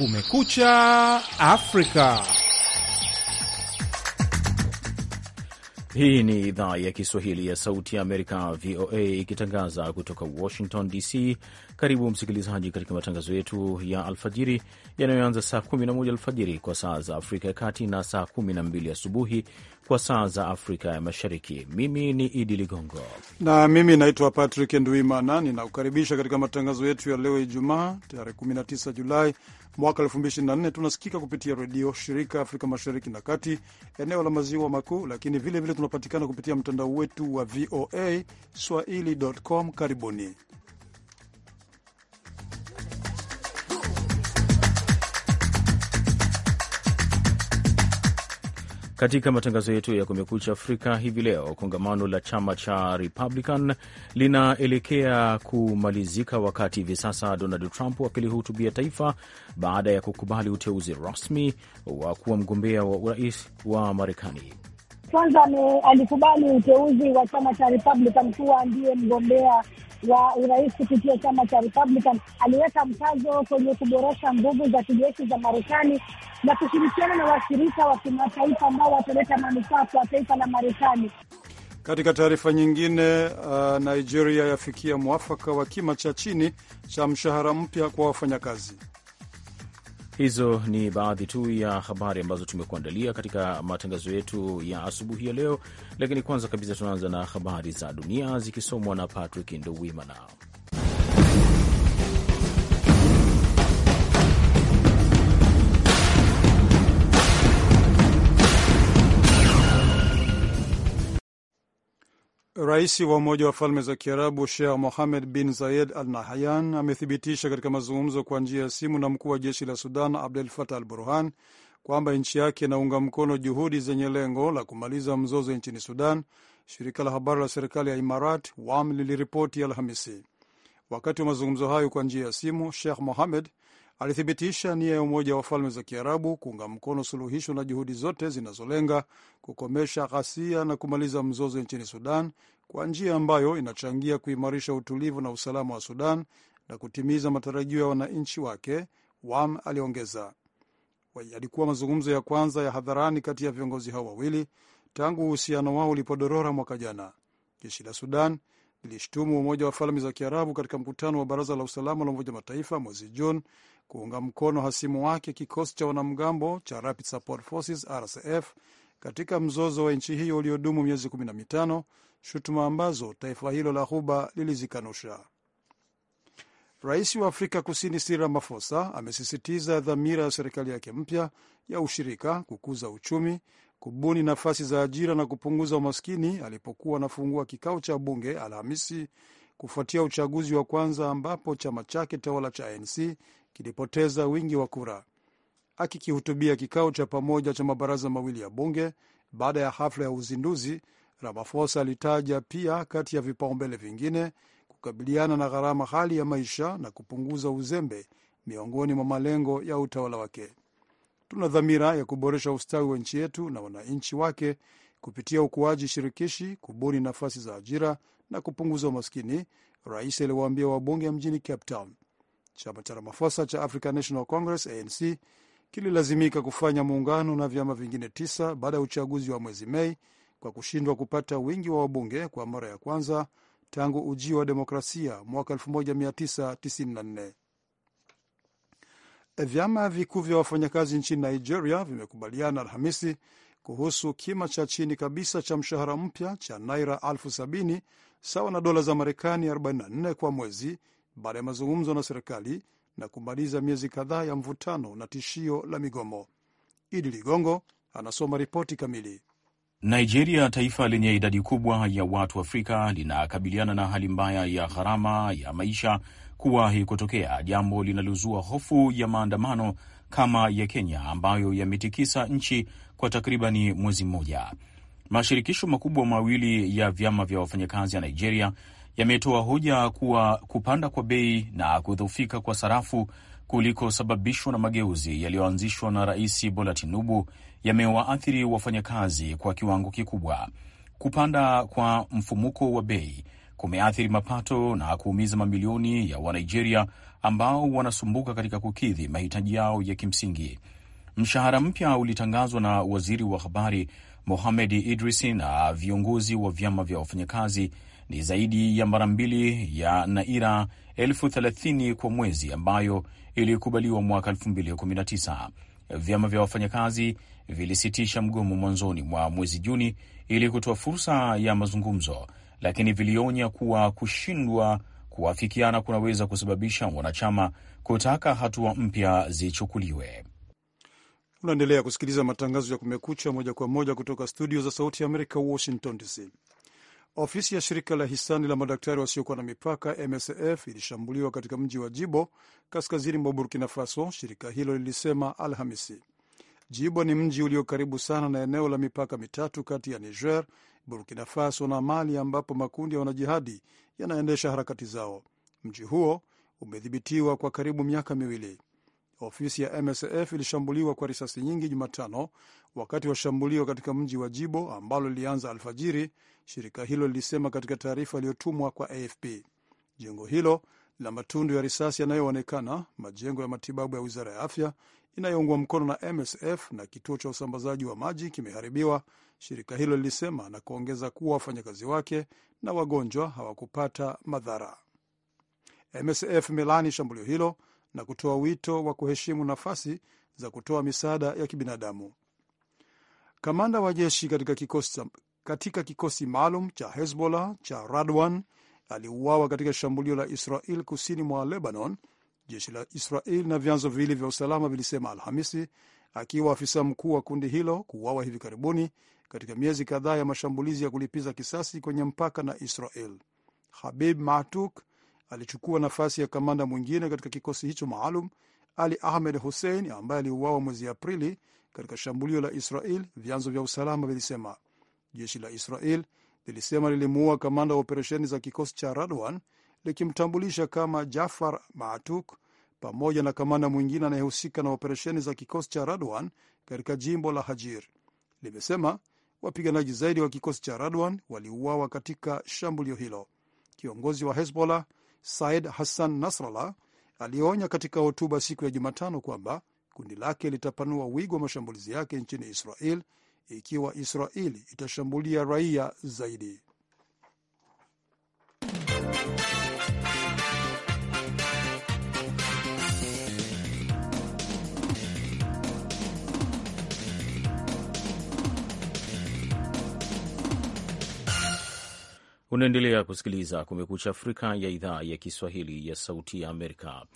Kumekucha Afrika. Hii ni idhaa ya Kiswahili ya Sauti ya Amerika, VOA, ikitangaza kutoka Washington DC. Karibu msikilizaji, katika matangazo yetu ya alfajiri yanayoanza saa 11 alfajiri kwa saa za Afrika ya Kati na saa 12 asubuhi kwa saa za Afrika ya Mashariki. Mimi ni Idi Ligongo na mimi naitwa Patrick Nduimana, ninakukaribisha katika matangazo yetu ya leo Ijumaa, tarehe 19 Julai mwaka 2024 tunasikika kupitia redio shirika Afrika Mashariki na Kati, eneo la maziwa makuu, lakini vilevile tunapatikana kupitia mtandao wetu wa VOA swahili.com. Karibuni. Katika matangazo yetu ya Kumekucha Afrika hivi leo, kongamano la chama cha Republican linaelekea kumalizika, wakati hivi sasa Donald Trump akilihutubia taifa baada ya kukubali uteuzi rasmi wa kuwa mgombea wa urais wa Marekani. Kwanza alikubali uteuzi wa chama cha Republican kuwa ndiye mgombea wa urais kupitia chama cha Republican aliweka mkazo kwenye kuboresha nguvu za kijeshi za Marekani na kushirikiana na washirika wa kimataifa ambao wataleta manufaa kwa taifa la Marekani. Katika taarifa nyingine, uh, Nigeria yafikia mwafaka wa kima cha chini cha mshahara mpya kwa wafanyakazi. Hizo ni baadhi tu ya habari ambazo tumekuandalia katika matangazo yetu ya asubuhi ya leo, lakini kwanza kabisa tunaanza na habari za dunia zikisomwa na Patrick Nduwimana. Rais wa Umoja wa Falme za Kiarabu Sheikh Mohamed bin Zayed Al Nahyan amethibitisha katika mazungumzo kwa njia ya simu na mkuu wa jeshi la Sudan Abdel Fattah Al Burhan kwamba nchi yake inaunga mkono juhudi zenye lengo la kumaliza mzozo nchini Sudan. Shirika la habari la serikali ya Imarat WAM liliripoti Alhamisi. Wakati wa mazungumzo hayo kwa njia ya simu, Sheikh Mohamed alithibitisha nia ya Umoja wa Falme za Kiarabu kuunga mkono suluhisho na juhudi zote zinazolenga kukomesha ghasia na kumaliza mzozo nchini Sudan kwa njia ambayo inachangia kuimarisha utulivu na usalama wa Sudan na kutimiza matarajio ya wananchi wake, Wam aliongeza. Yalikuwa mazungumzo ya kwanza ya hadharani kati ya viongozi hao wawili tangu uhusiano wao ulipodorora mwaka jana. Jeshi la Sudan lilishtumu Umoja wa Falme za Kiarabu katika mkutano wa Baraza la Usalama la Umoja Mataifa mwezi Juni kuunga mkono hasimu wake kikosi cha wanamgambo cha Rapid Support Forces RSF katika mzozo wa nchi hiyo uliodumu miezi 15, shutuma ambazo taifa hilo la Ghuba lilizikanusha. Rais wa Afrika Kusini Cyril Ramaphosa amesisitiza dhamira ya serikali yake mpya ya ushirika kukuza uchumi, kubuni nafasi za ajira na kupunguza umaskini alipokuwa anafungua kikao cha bunge Alhamisi kufuatia uchaguzi wa kwanza ambapo chama chake tawala cha ANC kilipoteza wingi wa kura. Akikihutubia kikao cha pamoja cha mabaraza mawili ya bunge baada ya hafla ya uzinduzi, ramafosa alitaja pia kati ya vipaumbele vingine kukabiliana na gharama hali ya maisha na kupunguza uzembe miongoni mwa malengo ya utawala wake. Tuna dhamira ya kuboresha ustawi wa nchi yetu na wananchi wake kupitia ukuaji shirikishi, kubuni nafasi za ajira na kupunguza umaskini, rais aliwaambia wabunge mjini Cape Town. Chama cha ramafosa cha African National Congress ANC kililazimika kufanya muungano na vyama vingine tisa baada ya uchaguzi wa mwezi Mei kwa kushindwa kupata wingi wa wabunge kwa mara ya kwanza tangu ujio wa demokrasia mwaka 1994. Vyama vikuu vya wafanyakazi nchini Nigeria vimekubaliana Alhamisi kuhusu kima cha chini kabisa cha mshahara mpya cha naira elfu sabini sawa na dola za Marekani 44 kwa mwezi baada ya mazungumzo na serikali na kumaliza miezi kadhaa ya mvutano na tishio la migomo. Idi Ligongo anasoma ripoti kamili. Nigeria, taifa lenye idadi kubwa ya watu Afrika, linakabiliana na hali mbaya ya gharama ya maisha kuwahi kutokea, jambo linalozua hofu ya maandamano kama ya Kenya ambayo yametikisa nchi kwa takribani mwezi mmoja. Mashirikisho makubwa mawili ya vyama vya wafanyakazi ya Nigeria yametoa hoja kuwa kupanda kwa bei na kudhoofika kwa sarafu kulikosababishwa na mageuzi yaliyoanzishwa na Rais Bola Tinubu yamewaathiri wafanyakazi kwa kiwango kikubwa. Kupanda kwa mfumuko wa bei kumeathiri mapato na kuumiza mamilioni ya Wanigeria ambao wanasumbuka katika kukidhi mahitaji yao ya kimsingi. Mshahara mpya ulitangazwa na waziri wa habari Mohamed Idrisi na viongozi wa vyama vya wafanyakazi ni zaidi ya mara mbili ya naira elfu thelathini kwa mwezi ambayo ilikubaliwa mwaka 2019. Vyama vya wafanyakazi vilisitisha mgomo mwanzoni mwa mwezi Juni ili kutoa fursa ya mazungumzo, lakini vilionya kuwa kushindwa kuafikiana kunaweza kusababisha wanachama kutaka hatua mpya zichukuliwe. Unaendelea kusikiliza matangazo ya Kumekucha moja kwa moja kutoka studio za Sauti ya Amerika, Washington DC. Ofisi ya shirika la hisani la madaktari wasiokuwa na mipaka MSF ilishambuliwa katika mji wa Jibo kaskazini mwa Burkina Faso, shirika hilo lilisema Alhamisi. Jibo ni mji ulio karibu sana na eneo la mipaka mitatu kati ya Niger, Burkina Faso na Mali, ambapo makundi ya wanajihadi yanaendesha harakati zao. Mji huo umedhibitiwa kwa karibu miaka miwili. Ofisi ya MSF ilishambuliwa kwa risasi nyingi Jumatano wakati wa shambulio katika mji wa Jibo ambalo lilianza alfajiri shirika hilo lilisema katika taarifa iliyotumwa kwa AFP. Jengo hilo la matundu ya risasi yanayoonekana, majengo ya matibabu ya wizara ya afya inayoungwa mkono na MSF na kituo cha usambazaji wa maji kimeharibiwa, shirika hilo lilisema na kuongeza kuwa wafanyakazi wake na wagonjwa hawakupata madhara. MSF imelaani shambulio hilo na kutoa wito wa kuheshimu nafasi za kutoa misaada ya kibinadamu. Kamanda wa jeshi katika kikosi katika kikosi maalum cha Hezbollah cha Radwan aliuawa katika shambulio la Israel kusini mwa Lebanon, jeshi la Israel na vyanzo viwili vya usalama vilisema Alhamisi, akiwa afisa mkuu wa kundi hilo kuuawa hivi karibuni katika miezi kadhaa ya mashambulizi ya kulipiza kisasi kwenye mpaka na Israel. Habib Matuk alichukua nafasi ya kamanda mwingine katika kikosi hicho maalum, Ali Ahmed Hussein, ambaye aliuawa mwezi Aprili katika shambulio la Israel, vyanzo vya usalama vilisema. Jeshi la Israel lilisema lilimuua kamanda wa operesheni za kikosi cha Radwan likimtambulisha kama Jafar Maatuk pamoja na kamanda mwingine anayehusika na operesheni za kikosi cha Radwan katika jimbo la Hajir. Limesema wapiganaji zaidi wa kikosi cha Radwan waliuawa katika shambulio hilo. Kiongozi wa Hezbollah Said Hassan Nasrallah alionya katika hotuba siku ya Jumatano kwamba kundi lake litapanua wigo wa mashambulizi yake nchini Israel ikiwa Israeli itashambulia raia zaidi. Unaendelea kusikiliza Kumekucha Afrika ya idhaa ya Kiswahili ya Sauti ya Amerika.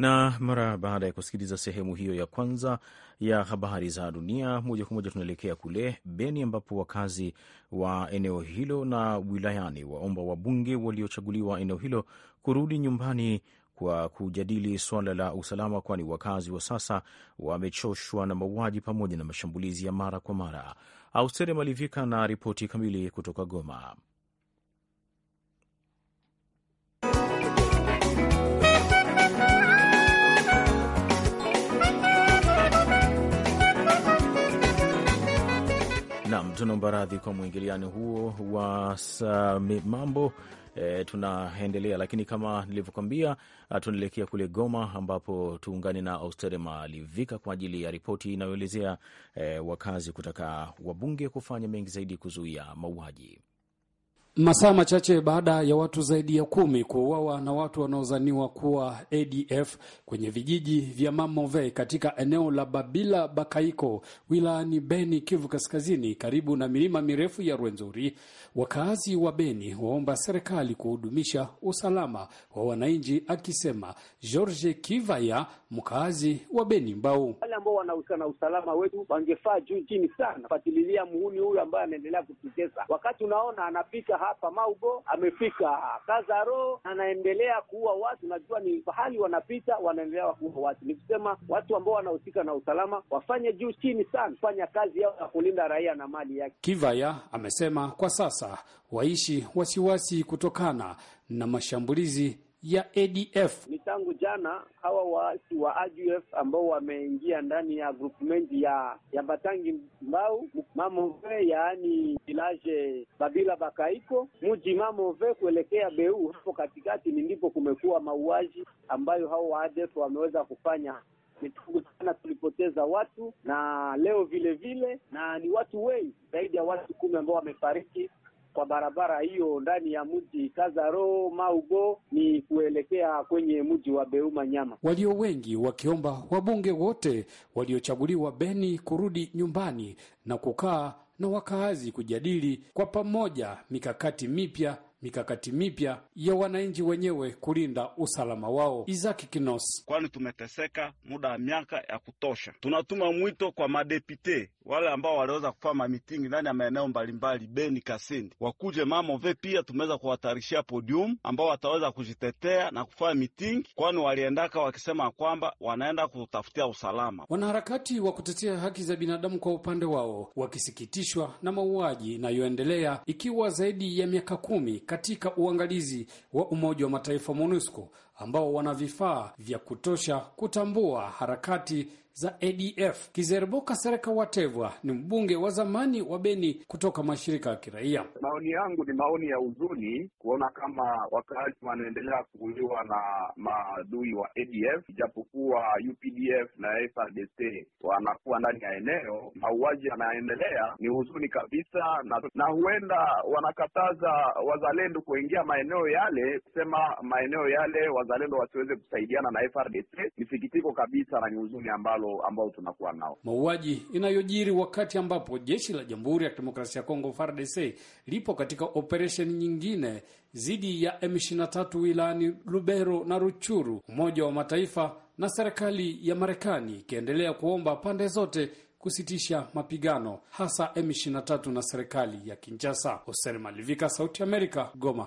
Na mara baada ya kusikiliza sehemu hiyo ya kwanza ya habari za dunia, moja kwa moja tunaelekea kule Beni ambapo wakazi wa eneo hilo na wilayani waomba wabunge waliochaguliwa eneo hilo kurudi nyumbani kwa kujadili suala la usalama, kwani wakazi wa sasa wamechoshwa na mauaji pamoja na mashambulizi ya mara kwa mara. Austere Malivika na ripoti kamili kutoka Goma. tunaomba radhi kwa mwingiliano huo wa mambo e, tunaendelea lakini, kama nilivyokwambia, tunaelekea kule Goma ambapo tuungane na Austere Malivika kwa ajili ya ripoti inayoelezea e, wakazi kutaka wabunge kufanya mengi zaidi kuzuia mauaji. Masaa machache baada ya watu zaidi ya kumi kuuawa na watu wanaozaniwa kuwa ADF kwenye vijiji vya Mamove katika eneo la Babila Bakaiko wilayani Beni, Kivu Kaskazini, karibu na milima mirefu ya Rwenzori, wakaazi wa Beni waomba serikali kuhudumisha usalama wa wananchi, akisema George Kivaya, mkaazi wa Beni Mbau. Wale ambao na usalama wetu wangefaa juu chini sana fatililia muhuni huyu ambaye anaendelea kututesa, wakati unaona anapika hapa Maugo, amefika Kazaro, anaendelea kuua watu. Najua ni pahali wanapita, wanaendelea kuua watu. Nikusema watu ambao wanahusika na usalama wafanye juu chini sana kufanya kazi yao ya kulinda raia na mali yake. Kivaya amesema kwa sasa waishi wasiwasi kutokana na mashambulizi ya ADF. Ni tangu jana hawa waasi wa ADF ambao wameingia ndani ya groupment ya ya Batangi Mbau Mamove, yaani village Babila Bakaiko, mji Mamove kuelekea Beu, hapo katikati ni ndipo kumekuwa mauaji ambayo hao wa ADF wameweza kufanya. Ni tangu jana tulipoteza watu na leo vile vile, na ni watu wengi zaidi ya watu kumi ambao wamefariki kwa barabara hiyo ndani ya mji Kazaro Maugo ni kuelekea kwenye mji wa Beuma Nyama, walio wengi wakiomba wabunge wote waliochaguliwa Beni kurudi nyumbani na kukaa na wakaazi kujadili kwa pamoja mikakati mipya mikakati mipya ya wananchi wenyewe kulinda usalama wao. isaki Kinos: kwani tumeteseka muda wa miaka ya kutosha. Tunatuma mwito kwa madepite wale ambao waliweza kufanya mitingi ndani ya maeneo mbalimbali Beni, Kasindi, wakuje Mamove. Pia tumeweza kuwatarishia podium ambao wataweza kujitetea na kufanya mitingi, kwani waliendaka wakisema kwamba wanaenda kutafutia usalama. Wanaharakati wa kutetea haki za binadamu kwa upande wao wakisikitishwa na mauaji inayoendelea ikiwa zaidi ya miaka kumi katika uangalizi wa Umoja wa Mataifa MONUSCO ambao wana vifaa vya kutosha kutambua harakati za ADF. Kizeriboka Sereka Watevwa ni mbunge wa zamani wa Beni kutoka mashirika ya kiraia. Maoni yangu ni maoni ya huzuni kuona kama wakaaji wanaendelea kuuliwa na maadui wa ADF, ijapokuwa UPDF na frdc wanakuwa ndani ya eneo, mauaji yanaendelea. Ni huzuni kabisa, na, na huenda wanakataza wazalendo kuingia maeneo yale, kusema maeneo yale wazalendo wasiweze kusaidiana na frdc Ni sikitiko kabisa na ni huzuni ambalo ambalo ambao tunakuwa nao. Mauaji inayojiri wakati ambapo jeshi la Jamhuri ya Kidemokrasia ya Kongo FARDC lipo katika operesheni nyingine dhidi ya M23 wilayani Lubero na Ruchuru, Umoja wa Mataifa na serikali ya Marekani ikiendelea kuomba pande zote kusitisha mapigano hasa M23 na serikali ya Kinshasa. Hoser Malivika, Sauti Amerika, Goma.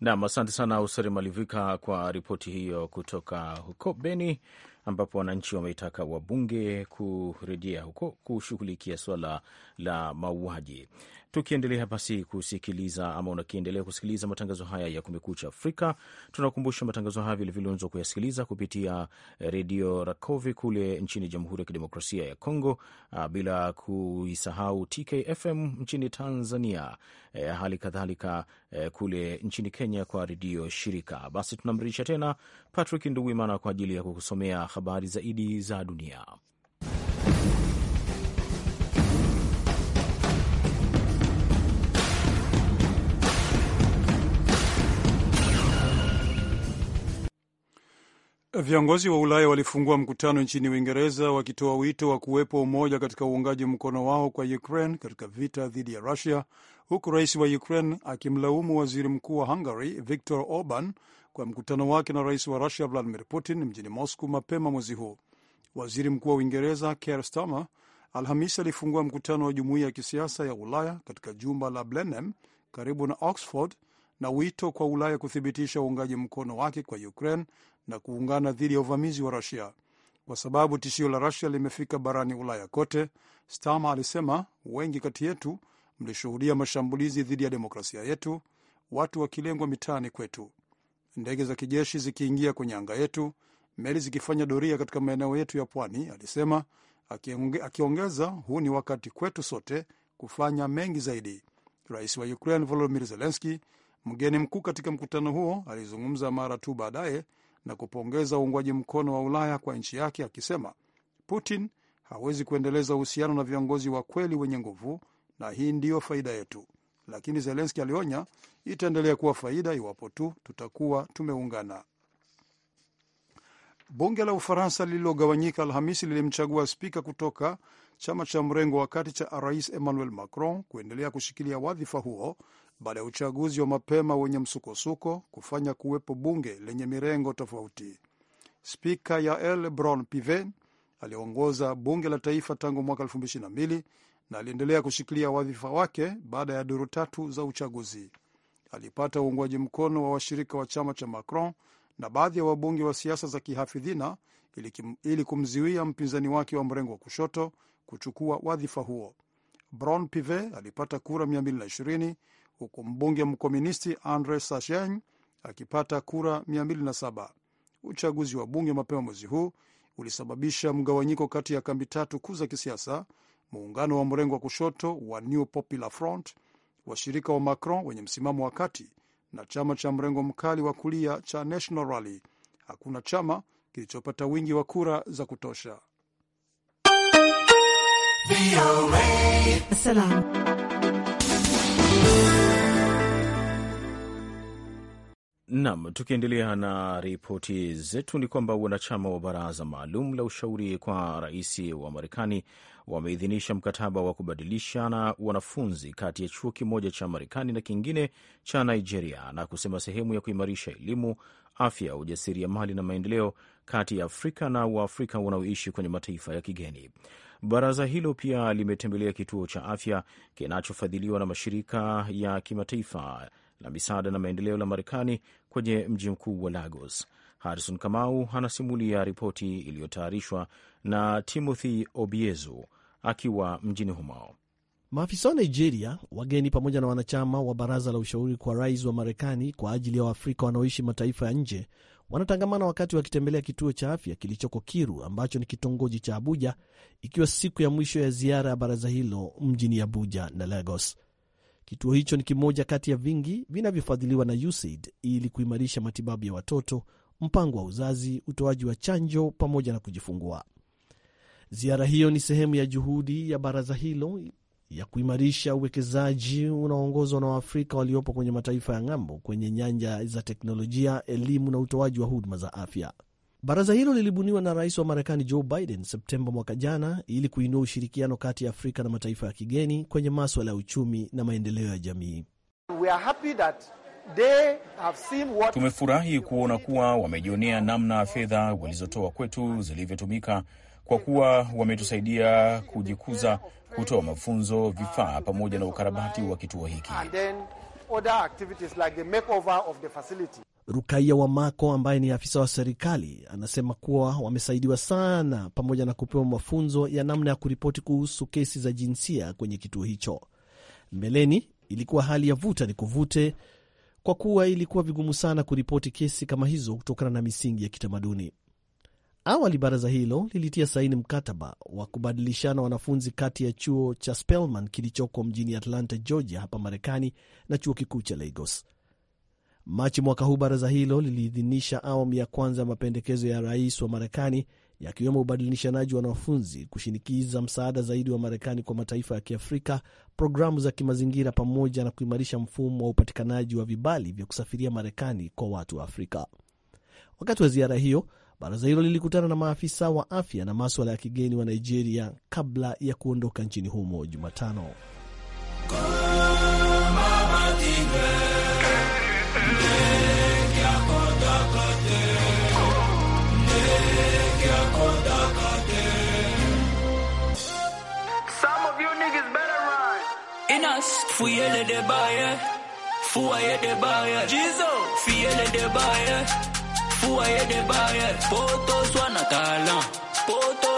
Nam, asante sana Useri Malivika kwa ripoti hiyo kutoka huko Beni ambapo wananchi wameitaka wabunge kurejea huko kushughulikia swala la mauaji. Tukiendelea basi kusikiliza ama unakiendelea kusikiliza matangazo haya ya Kumekucha Afrika, tunakumbusha matangazo haya vilevile unaweza kuyasikiliza kupitia eh, redio Rakovi kule nchini Jamhuri ya Kidemokrasia ya Kongo, ah, bila kuisahau TKFM nchini Tanzania, eh, hali kadhalika eh, kule nchini Kenya kwa redio shirika. Basi tunamrudisha tena Patrick Nduwimana kwa ajili ya kukusomea habari zaidi za dunia. Viongozi wa Ulaya walifungua mkutano nchini Uingereza wakitoa wito wa kuwepo umoja katika uungaji mkono wao kwa Ukraine katika vita dhidi ya Russia, huku rais wa Ukraine akimlaumu waziri mkuu wa Hungary Viktor Orban kwa mkutano wake na rais wa Russia Vladimir Putin mjini Moscow mapema mwezi huu. Waziri mkuu wa Uingereza Keir Starmer Alhamisi alifungua mkutano wa jumuiya ya kisiasa ya Ulaya katika jumba la Blenheim karibu na Oxford na wito kwa Ulaya kuthibitisha uungaji mkono wake kwa Ukraine na kuungana dhidi ya uvamizi wa Rusia. Kwa sababu tishio la Rusia limefika barani Ulaya kote, Stama alisema, wengi kati yetu mlishuhudia mashambulizi dhidi ya demokrasia yetu, watu wakilengwa mitaani kwetu, ndege za kijeshi zikiingia kwenye anga yetu, meli zikifanya doria katika maeneo yetu ya pwani, alisema akiongeza, huu ni wakati kwetu sote kufanya mengi zaidi. Rais wa Ukraine Volodymyr Zelensky, mgeni mkuu katika mkutano huo, alizungumza mara tu baadaye na kupongeza uungwaji mkono wa Ulaya kwa nchi yake, akisema Putin hawezi kuendeleza uhusiano na viongozi wa kweli wenye nguvu, na hii ndiyo faida yetu. Lakini Zelenski alionya itaendelea kuwa faida iwapo tu tutakuwa tumeungana. Bunge la Ufaransa lililogawanyika Alhamisi lilimchagua spika kutoka chama cha mrengo wa kati cha rais Emmanuel Macron kuendelea kushikilia wadhifa huo baada ya uchaguzi wa mapema wenye msukosuko kufanya kuwepo bunge lenye mirengo tofauti. Spika Yael Braun Pivet aliongoza bunge la taifa tangu mwaka 2022 na aliendelea kushikilia wadhifa wake baada ya duru tatu za uchaguzi. Alipata uungwaji mkono wa washirika wa chama cha Macron na baadhi ya wabunge wa siasa za kihafidhina ili kumziwia mpinzani wake wa mrengo wa kushoto kuchukua wadhifa huo. bron Pive alipata kura 220 huku mbunge mkomunisti Andre Sachen akipata kura 207. Uchaguzi wa bunge mapema mwezi huu ulisababisha mgawanyiko kati ya kambi tatu kuu za kisiasa: muungano wa mrengo wa kushoto wa New Popular Front, washirika wa Macron wenye msimamo wa kati na chama cha mrengo mkali wa kulia cha National Rally. Hakuna chama kilichopata wingi wa kura za kutosha. Salam. Nam, tukiendelea na ripoti zetu ni kwamba wanachama wa baraza maalum la ushauri kwa rais wa Marekani wameidhinisha mkataba wa kubadilishana wanafunzi kati ya chuo kimoja cha Marekani na kingine cha Nigeria na kusema sehemu ya kuimarisha elimu, afya, ujasiriamali na maendeleo kati ya Afrika na Waafrika wanaoishi kwenye mataifa ya kigeni. Baraza hilo pia limetembelea kituo cha afya kinachofadhiliwa na mashirika ya kimataifa la misaada na maendeleo la Marekani kwenye mji mkuu wa Lagos. Harison Kamau anasimulia ripoti iliyotayarishwa na Timothy Obiezu akiwa mjini humo. Maafisa wa Nigeria, wageni pamoja na wanachama wa baraza la ushauri kwa rais wa Marekani kwa ajili ya Waafrika wanaoishi mataifa ya nje wanatangamana wakati wakitembelea kituo cha afya kilichoko Kiru ambacho ni kitongoji cha Abuja, ikiwa siku ya mwisho ya ziara ya baraza hilo mjini Abuja na Lagos. Kituo hicho ni kimoja kati ya vingi vinavyofadhiliwa na USAID ili kuimarisha matibabu ya watoto, mpango wa uzazi, utoaji wa chanjo pamoja na kujifungua. Ziara hiyo ni sehemu ya juhudi ya baraza hilo ya kuimarisha uwekezaji unaoongozwa na Waafrika waliopo kwenye mataifa ya ng'ambo kwenye nyanja za teknolojia, elimu na utoaji wa huduma za afya. Baraza hilo lilibuniwa na rais wa Marekani Joe Biden Septemba mwaka jana ili kuinua ushirikiano kati ya Afrika na mataifa ya kigeni kwenye maswala ya uchumi na maendeleo ya jamii. We are happy that what... tumefurahi kuona kuwa wamejionea namna fedha walizotoa kwetu zilivyotumika kwa kuwa wametusaidia kujikuza, kutoa mafunzo, vifaa pamoja na ukarabati wa kituo hiki. Rukaiya mako ambaye ni afisa wa serikali anasema kuwa wamesaidiwa sana pamoja na kupewa mafunzo ya namna ya kuripoti kuhusu kesi za jinsia kwenye kituo hicho. Mbeleni ilikuwa hali ya vuta ni kuvute, kwa kuwa ilikuwa vigumu sana kuripoti kesi kama hizo kutokana na misingi ya kitamaduni. Awali baraza hilo lilitia saini mkataba wa kubadilishana wanafunzi kati ya chuo cha Spelman kilichoko mjini Atlanta, Georgia, hapa Marekani na chuo kikuu cha Lagos. Machi mwaka huu baraza hilo liliidhinisha awamu ya kwanza ya mapendekezo ya rais wa Marekani yakiwemo ubadilishanaji wa wanafunzi, kushinikiza msaada zaidi wa Marekani kwa mataifa ya Kiafrika, programu za kimazingira, pamoja na kuimarisha mfumo wa upatikanaji wa vibali vya kusafiria Marekani kwa watu wa Afrika. Wakati wa ziara hiyo Baraza hilo lilikutana na maafisa wa afya na maswala ya kigeni wa Nigeria kabla ya kuondoka nchini humo Jumatano. Fuyele de baye, de baye. Jizo, fuyele de baye. Vous voyez des barrières, potos soit natalant, potos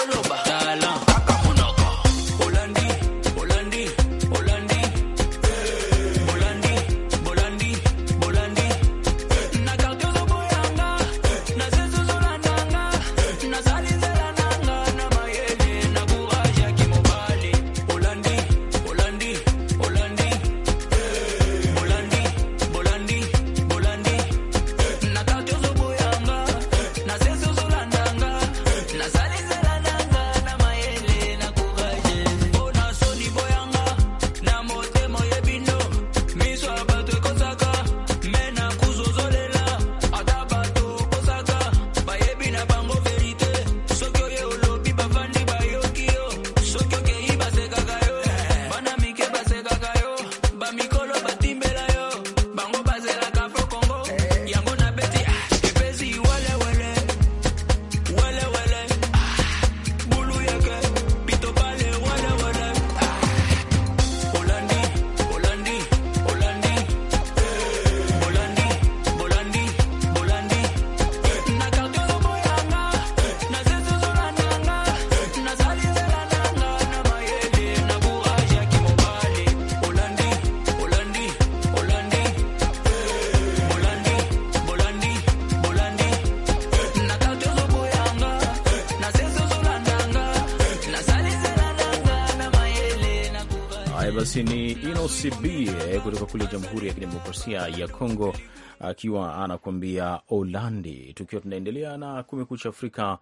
basi ni Inosibie eh, kutoka kule Jamhuri ya Kidemokrasia ya Kongo akiwa anakuambia Olandi, tukiwa tunaendelea na Kumekucha Afrika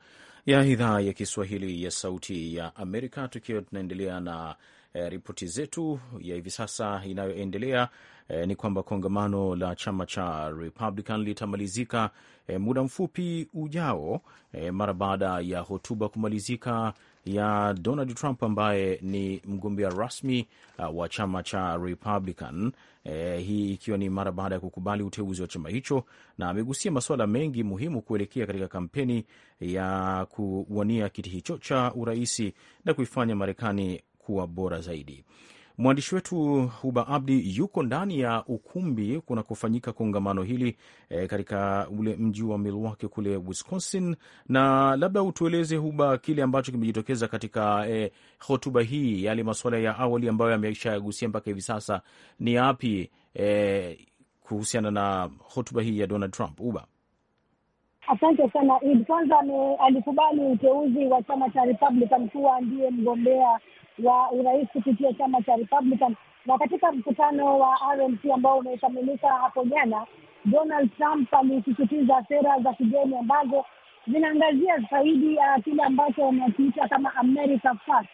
ya idhaa ya Kiswahili ya Sauti ya Amerika, tukiwa tunaendelea na e, ripoti zetu ya hivi sasa inayoendelea. E, ni kwamba kongamano la chama cha Republican litamalizika e, muda mfupi ujao, e, mara baada ya hotuba kumalizika ya Donald Trump ambaye ni mgombea rasmi uh, wa chama cha Republican eh, hii ikiwa ni mara baada ya kukubali uteuzi wa chama hicho, na amegusia masuala mengi muhimu kuelekea katika kampeni ya kuwania kiti hicho cha uraisi na kuifanya Marekani kuwa bora zaidi. Mwandishi wetu Huba Abdi yuko ndani ya ukumbi kunakofanyika kongamano hili e, katika ule mji wa Milwaukee kule Wisconsin, na labda utueleze Huba kile ambacho kimejitokeza katika e, hotuba hii, yale masuala ya awali ambayo yameshagusia mpaka hivi sasa ni yapi e, kuhusiana na hotuba hii ya Donald Trump, Uba. Asante sana Kwanza alikubali uteuzi wa chama cha Republican kuwa ndiye mgombea wa urais kupitia chama cha Republican. Na katika mkutano wa RNC ambao umekamilika hapo jana, Donald Trump alisisitiza sera za kigeni ambazo zinaangazia zaidi uh, kile ambacho wanakiita kama America First.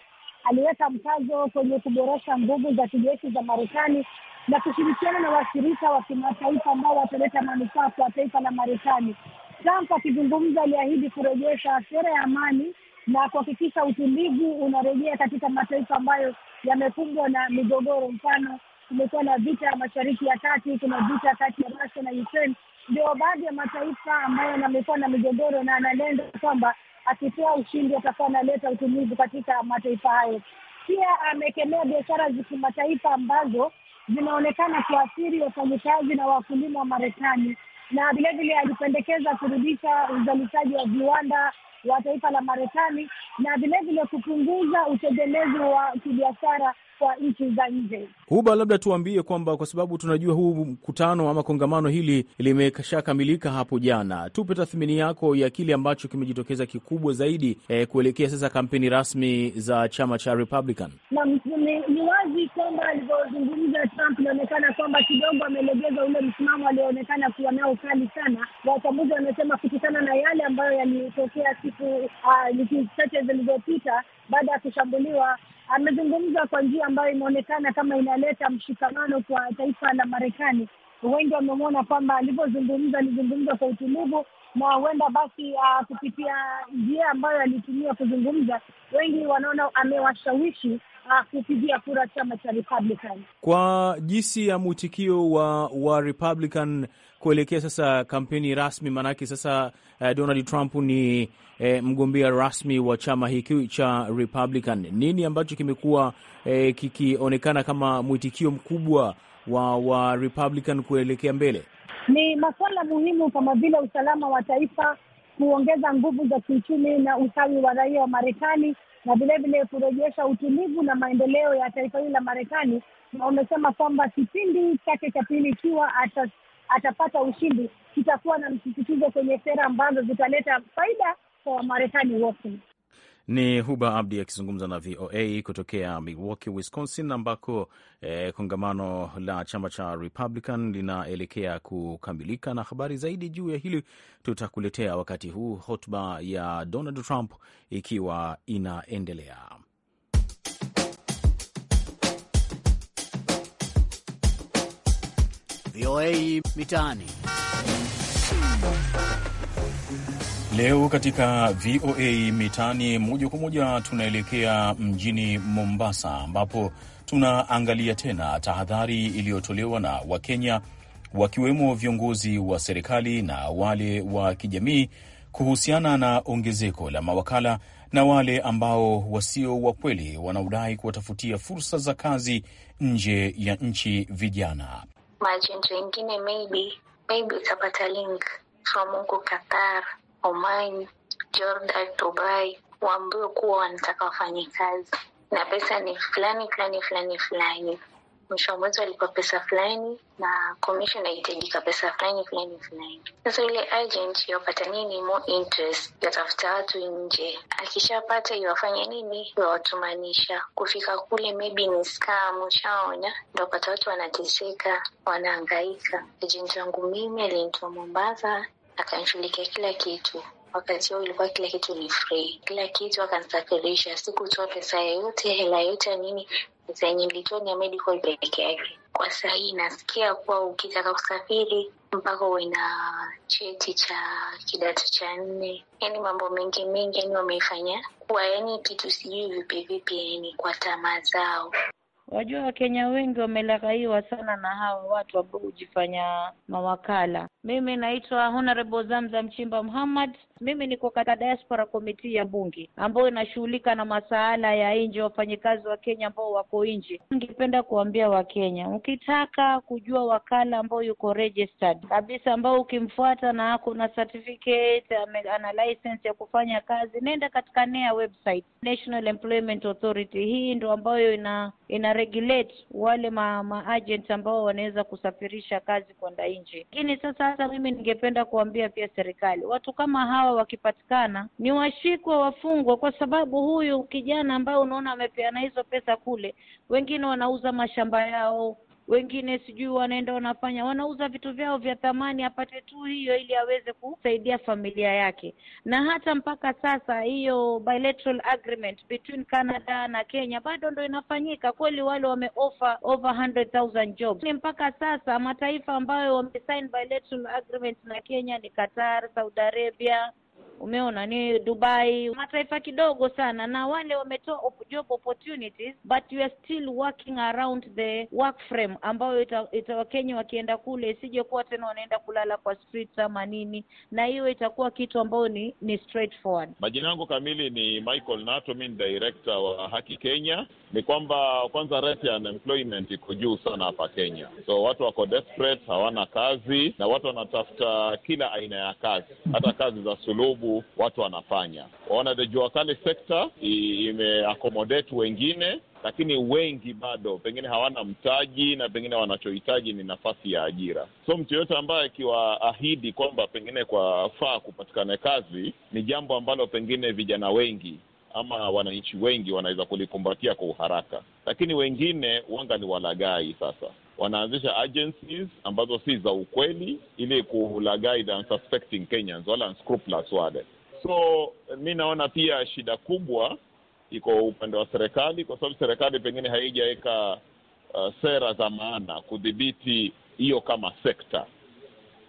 Aliweka mkazo kwenye kuboresha nguvu za kijeshi za Marekani na kushirikiana na washirika wa kimataifa ambao wataleta manufaa kwa taifa la Marekani. Trump akizungumza aliahidi kurejesha sera ya amani na kuhakikisha utulivu unarejea katika mataifa ambayo yamekumbwa na migogoro. Mfano, kumekuwa na vita ya mashariki ya kati, kuna vita kati ya Russia na Ukraine. Ndio baadhi ya mataifa ambayo yamekuwa na migogoro, na analenda kwamba akitoa ushindi atakuwa analeta utulivu katika mataifa hayo. Pia amekemea biashara za kimataifa ambazo zinaonekana kuathiri wafanyakazi na wakulima wa Marekani, na vilevile alipendekeza kurudisha uzalishaji wa viwanda wa taifa la Marekani na vilevile kupunguza utegemezi wa kibiashara kwa nchi za nje. Huba, labda tuambie kwamba kwa sababu tunajua huu mkutano ama kongamano hili limeshakamilika hapo jana, tupe tathmini yako ya kile ambacho kimejitokeza kikubwa zaidi eh, kuelekea sasa kampeni rasmi za chama cha Republican. Naam, ni wazi kwamba alivyozungumza Trump inaonekana kwamba kidogo amelegeza ule msimamo alioonekana kuwa nao kali sana. Wachambuzi wamesema kutokana na yale ambayo yalitokea siku uh, chache zilizopita baada ya kushambuliwa amezungumza kwa njia ambayo imeonekana kama inaleta mshikamano kwa taifa la Marekani. Wengi wamemwona kwamba alivyozungumza alizungumza kwa utulivu na huenda basi uh, kupitia njia ambayo alitumia kuzungumza, wengi wanaona amewashawishi Ah, kupigia kura chama cha Republican. Kwa jinsi ya mwitikio wa wa Republican kuelekea sasa kampeni rasmi, maanake sasa uh, Donald Trump ni uh, mgombea rasmi wa chama hiki cha Republican. Nini ambacho kimekuwa uh, kikionekana kama mwitikio mkubwa wa wa Republican kuelekea mbele? Ni masuala muhimu kama vile usalama wa taifa, kuongeza nguvu za kiuchumi na ustawi wa raia wa Marekani na vilevile kurejesha utulivu na maendeleo ya taifa hili la Marekani, na wamesema kwamba kipindi chake cha pili, ikiwa ata, atapata ushindi, kitakuwa na msisitizo kwenye sera ambazo zitaleta faida kwa Wamarekani wote. Ni Huba Abdi akizungumza na VOA kutokea Milwaukee, Wisconsin, ambako eh, kongamano la chama cha Republican linaelekea kukamilika, na habari zaidi juu ya hili tutakuletea wakati huu hotuba ya Donald Trump ikiwa inaendelea. VOA Mitaani. Leo katika VOA Mitaani moja kwa moja tunaelekea mjini Mombasa, ambapo tunaangalia tena tahadhari iliyotolewa na Wakenya wakiwemo viongozi wa serikali na wale wa kijamii kuhusiana na ongezeko la mawakala na wale ambao wasio wa kweli wanaodai kuwatafutia fursa za kazi nje ya nchi vijana. Majenti wengine maybe maybe utapata link from huko Qatar Oman, Jordan, Dubai waambiwe kuwa wanataka wafanye kazi na pesa ni fulani fulani fulani fulani mwisho wa mwezi walipa pesa fulani na commission inahitajika pesa fulani fulani fulani. Sasa yule agent yawapata nini? More interest, yatafuta watu nje, akishapata iwafanya nini? Iwawatumanisha kufika kule, maybe ni scam, ushaona, ndo pata watu wanateseka, wanaangaika. Agent wangu mimi alinitoa Mombasa akanishughulikia kila kitu. Wakati huo ilikuwa kila kitu ni free, kila kitu akanisafirisha, sikutoa pesa yoyote, hela yoyote nini, pesa yenye nilitoa ni ya medical peke yake. Kwa sahii nasikia kuwa ukitaka kusafiri mpaka uwe na cheti cha kidato cha nne, yani mambo mengi mengi, yani wameifanya kuwa yani kitu sijui vipi vipi, yani kwa tamaa zao. Wajua Wakenya wengi wamelaghaiwa sana na hawa watu ambao hujifanya mawakala. Mimi naitwa Honorable Zamza Mchimba Muhammad. Mimi niko katika diaspora committee ya bunge ambayo inashughulika na masaala ya nje, wafanyikazi wa Kenya ambao wako nje. Ningependa kuambia Wakenya, ukitaka kujua wakala ambao yuko registered kabisa, ambao ukimfuata na ako na certificate, ana license ya kufanya kazi, nenda katika NEA website, National Employment Authority. Hii ndo ambayo ina ina kuwaregulate wale ma, ma agent ambao wanaweza kusafirisha kazi kwenda nje. Lakini sasa hata mimi ningependa kuambia pia serikali, watu kama hawa wakipatikana ni washikwe, wafungwe, kwa sababu huyu kijana ambaye unaona amepeana hizo pesa kule, wengine wanauza mashamba yao wengine sijui wanaenda wanafanya wanauza vitu vyao vya thamani apate tu hiyo ili aweze kusaidia familia yake. Na hata mpaka sasa hiyo bilateral agreement between Canada na Kenya bado ndo inafanyika kweli. Wale wameofa over jobs ni mpaka sasa. Mataifa ambayo wamesign bilateral agreement na Kenya ni Qatar, Saudi Arabia, umeona ni Dubai, mataifa kidogo sana, na wale wametoa job opportunities but we are still working around the work frame ambayo itawakenya ita wakienda kule isije kuwa tena wanaenda kulala kwa streets ama nini, na hiyo itakuwa kitu ambayo ni, ni straightforward. Majina yangu kamili ni Michael Nato, mi ni director wa Haki Kenya. Ni kwamba kwanza rate ya unemployment iko juu sana hapa Kenya, so watu wako desperate, hawana kazi na watu wanatafuta kila aina ya kazi, hata kazi za sulubu sababu watu wanafanya waona, the jua kali sekta imeakomodate wengine, lakini wengi bado pengine hawana mtaji na pengine wanachohitaji ni nafasi ya ajira. So mtu yoyote ambaye akiwaahidi kwamba pengine kwa faa kupatikana kazi ni jambo ambalo pengine vijana wengi ama wananchi wengi wanaweza kulikumbatia kwa uharaka, lakini wengine wanga ni walagai sasa wanaanzisha agencies ambazo si za ukweli ili kulagai the unsuspecting Kenyans, wala unscrupulous wale. So mi naona pia shida kubwa iko upande wa serikali, kwa sababu serikali pengine haijaweka uh, sera za maana kudhibiti hiyo kama sekta,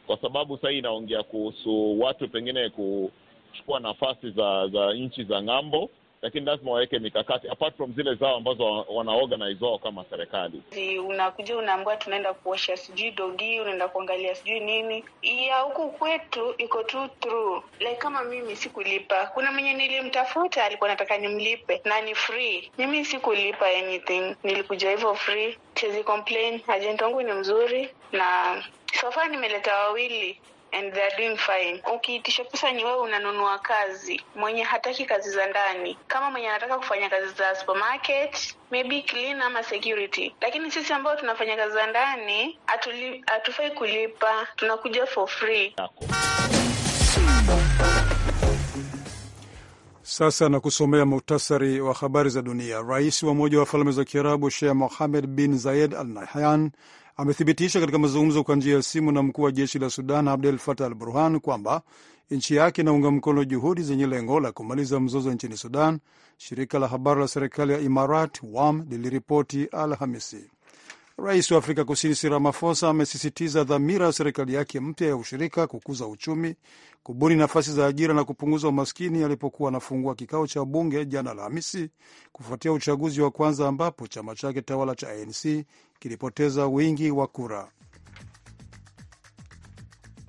kwa sababu sahii inaongea kuhusu watu pengine kuchukua nafasi za za nchi za ng'ambo lakini lazima waweke mikakati apart from zile zao ambazo wanaorganize wao kama serikali. Unakuja unaambua tunaenda kuosha sijui dogi, unaenda kuangalia sijui nini. Ya huku kwetu iko tu through like, kama mimi sikulipa, kuna mwenye nilimtafuta alikuwa nataka nimlipe na ni free, mimi sikulipa anything, nilikuja hivyo free. Siwezi complain, agent wangu ni mzuri na sofa nimeleta wawili and they are doing fine. Ukiitisha pesa ni wewe unanunua kazi, mwenye hataki kazi za ndani. Kama mwenye anataka kufanya kazi za supermarket, maybe clean ama security, lakini sisi ambao tunafanya kazi za ndani hatufai kulipa, tunakuja for free. Sasa na kusomea muhtasari wa habari za dunia. Rais wa Umoja wa Falme za Kiarabu Sheikh Mohammed bin Zayed Al Nahyan amethibitisha katika mazungumzo kwa njia ya simu na mkuu wa jeshi la Sudan Abdel Fattah al Burhan kwamba nchi yake inaunga mkono juhudi zenye lengo la kumaliza mzozo nchini Sudan. Shirika la habari la serikali ya Imarat WAM liliripoti Alhamisi. Rais wa Afrika Kusini Cyril Ramaphosa amesisitiza dhamira ya serikali yake mpya ya ushirika kukuza uchumi, kubuni nafasi za ajira na kupunguza umaskini alipokuwa anafungua kikao cha bunge jana Alhamisi kufuatia uchaguzi wa kwanza ambapo chama chake tawala cha ANC kilipoteza wingi wa kura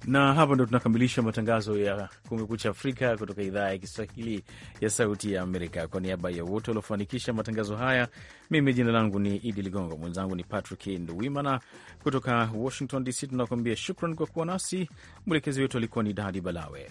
na hapa ndo tunakamilisha matangazo ya Kumekucha Afrika kutoka idhaa ya Kiswahili ya Sauti ya Amerika. Kwa niaba ya wote waliofanikisha matangazo haya, mimi jina langu ni Idi Ligongo, mwenzangu ni Patrick Nduwimana kutoka Washington DC. Tunakuambia shukran kwa kuwa nasi. Mwelekezi wetu alikuwa ni Dadi Balawe.